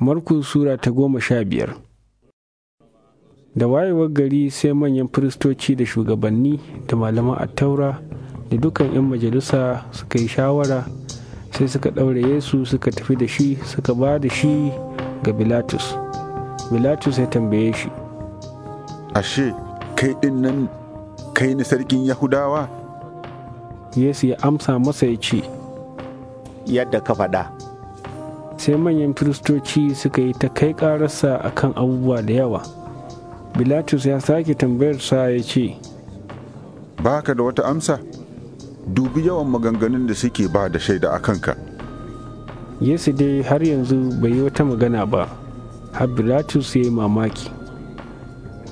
Markus Sura ta goma sha biyar Da wayewar gari sai manyan firistoci da shugabanni da malaman attaura da dukan 'yan majalisa suka yi shawara sai suka ɗaure Yesu suka tafi da shi suka ba da shi ga Bilatus. Bilatus ya tambaye shi. Ashe, kai ɗin nan kai ni sarkin Yahudawa? Yesu ya amsa masa ya ce, Yadda ka faɗa. sai manyan firistoci suka yi ta kai ƙararsa akan abubuwa da yawa bilatus ya sake tambayarsa ya ce ba ka da wata amsa dubi yawan maganganun da suke ba da shaida a kanka yesu dai har yanzu bai yi wata magana ba har bilatus ya yi mamaki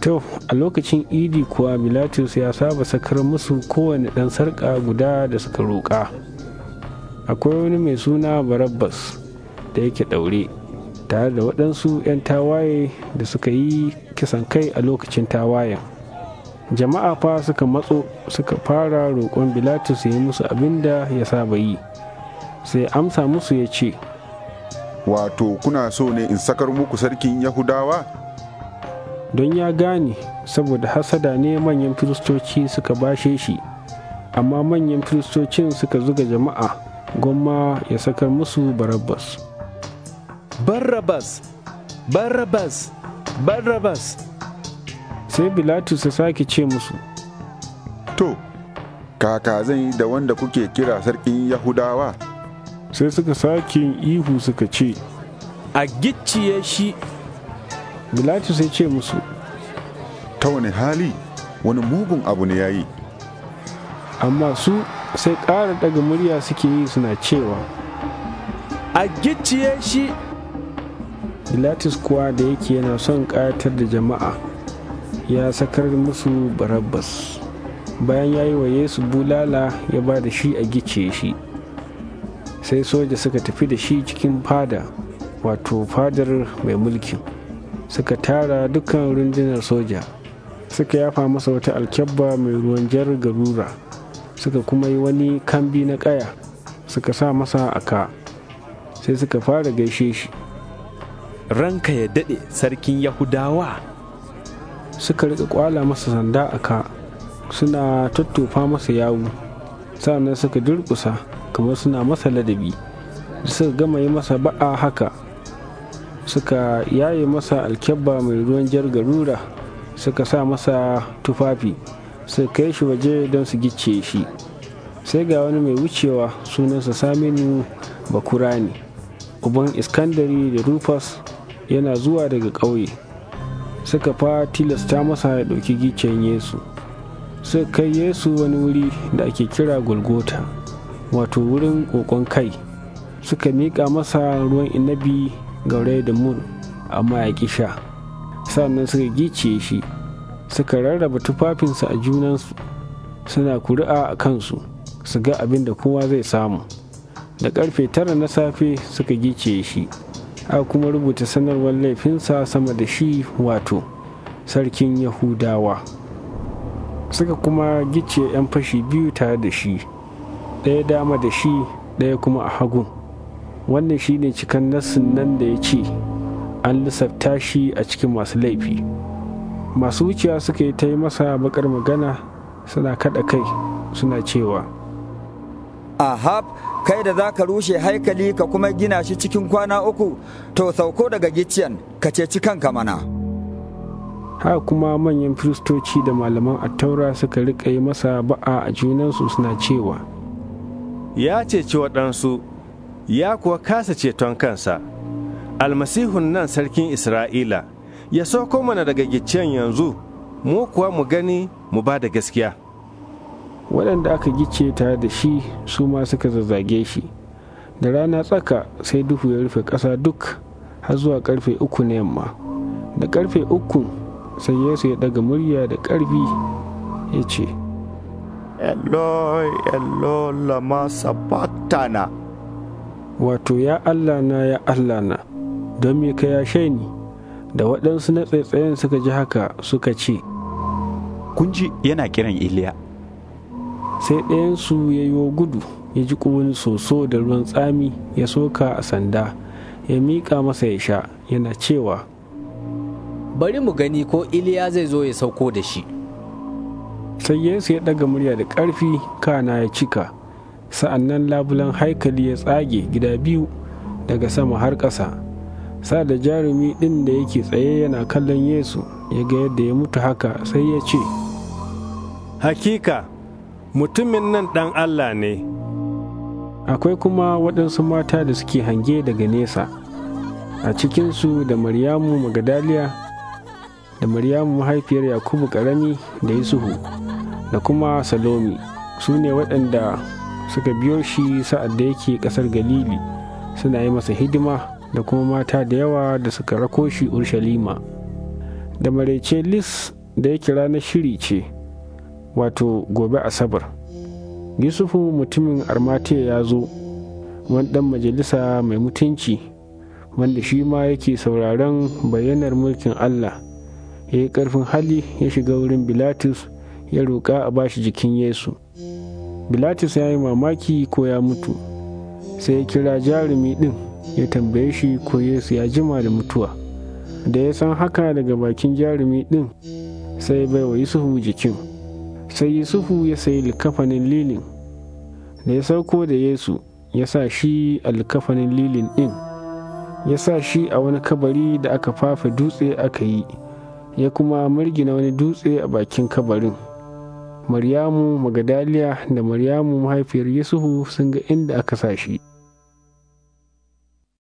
to a lokacin idi kuwa bilatus ya saba sakar musu kowane ɗan sarƙa guda da suka roƙa akwai wani mai suna barabbas da yake ɗaure tare da waɗansu 'yan tawaye da suka yi kisan kai a lokacin tawayen jama'a fa suka matso suka fara roƙon bilatus ya yi musu abin da ya saba yi sai amsa musu ya ce wato kuna so ne in sakar muku sarkin yahudawa don ya gane saboda hasada ne manyan firistoci suka bashe shi amma manyan firistocin suka zuga jama'a gwamma ya sakar musu barabbas barrabas barrabas barrabas sai bilatus ya sake ce musu to kaka zan yi da wanda kuke kira sarkin yahudawa sai suka sake ihu suka ce a gicciye shi bilatus ya ce musu ta wani hali wani mugun abu ne ya yi amma su sai ƙara daga murya suke yi suna cewa a gicciye shi pilatus kuwa da yake yana son ƙayatar da jama'a ya sakar musu barabbas bayan ya yi wa yesu bulala ya ba da shi a gice shi sai soja suka tafi da shi cikin fada wato fadar mai mulkin suka tara dukkan rundunar soja suka yafa masa wata alkyabba mai ruwan jar garura suka kuma yi wani kambi na kaya suka sa masa aka sai suka fara gaishe shi ranka ya daɗe sarkin yahudawa suka rika kwala masa sanda a ka suna tattofa masa yawu sannan suka durkusa kamar suna masa ladabi suka gama yi masa ba'a haka suka yaye masa alkyabba mai ruwan jar garura suka sa masa tufafi suka kai shi waje don su gicce shi sai ga wani mai wucewa sunansa saminu Bakura, ne, uban iskandari da rufus yana zuwa daga ƙauye suka fa tilasta masa ya ɗauki gicen yesu suka kai yesu wani wuri da ake kira golgota wato wurin ƙoƙon kai suka miƙa masa ruwan inabi gaure da mur amma ya ƙi sha sannan suka gice shi suka rarraba tufafinsa a junansu suna kuri'a a kansu su ga abin da kowa zai samu da ƙarfe tara na safe suka gice shi a kuma rubuta sanarwar laifinsa sama da shi wato sarkin yahudawa suka kuma gice 'yan fashi biyu tare da shi ɗaya dama da shi ɗaya kuma a hagu wannan shi ne cikin nassin nan da ya ce an lissafta shi a cikin masu laifi masu wuciya suka yi ta yi masa bakar magana suna kaɗa kai suna cewa ahab kai da za ka rushe haikali ka kuma gina shi cikin kwana uku to sauko daga gicciyan ka ceci kanka mana Ha kuma manyan firistoci da malaman attaura suka riƙa masa ba'a a junansu suna cewa ya ceci waɗansu ya kuwa kasa ceton kansa almasihun nan sarkin isra'ila ya sauko mana daga gicciyan yanzu mu kuwa mu gani mu ba da gaskiya waɗanda aka gice tare da shi su ma suka zazzage shi da rana tsaka sai duhu ya rufe ƙasa duk har zuwa ƙarfe uku na yamma da ƙarfe uku sai yesu ya daga murya da ƙarfi ya ce eloi eloi lama sabatana wato ya allah na ya allah na don me ka yashe ni da waɗansu na tsaitsayen suka ji haka suka ce kun ji yana kiran iliya sai ɗayansu ya wa gudu ya ji wani soso da ruwan tsami ya soka a sanda ya miƙa masa ya sha yana cewa bari mu gani ko iliya zai zo ya sauko da shi sai yesu ya ɗaga murya da ƙarfi kana ya cika sa'annan labulan haikali ya tsage gida biyu daga sama har ƙasa sa da jarumi ɗin da yake tsaye yana kallon yesu ya ga yadda ya mutu haka sai ya ce hakika mutumin nan ɗan Allah ne. Akwai kuma waɗansu mata da suke hange daga nesa, a cikinsu da Maryamu Magadaliya, da Maryamu mahaifiyar Yakubu ƙarami da Yusufu, da kuma Salomi, su ne waɗanda suka biyo shi sa'ad da yake ƙasar Galili, suna yi masa hidima da kuma mata da yawa da suka rako shi Urshalima. Da marece Lis da yake ranar shiri ce. wato gobe asabar yusufu mutumin armatiya ya zo wani dan majalisa mai mutunci wanda shi ma yake sauraron bayyanar mulkin allah ya yi karfin hali ya shiga wurin bilatus ya roƙa a bashi jikin yesu bilatus ya yi mamaki ko ya mutu sai ya kira jarumi ɗin ya tambaye shi ko yesu ya jima da mutuwa da ya san haka daga bakin jarumi ɗin sai bai wa yusufu jikin sai yusufu ya sayi likafanin lilin da ya sauko da yesu ya sa shi a likafanin lilin ɗin ya sa shi a wani kabari da aka fafa dutse aka yi ya kuma margina wani dutse a bakin kabarin maryamu magadaliya da maryamu mahaifiyar yusufu sun ga inda aka sa shi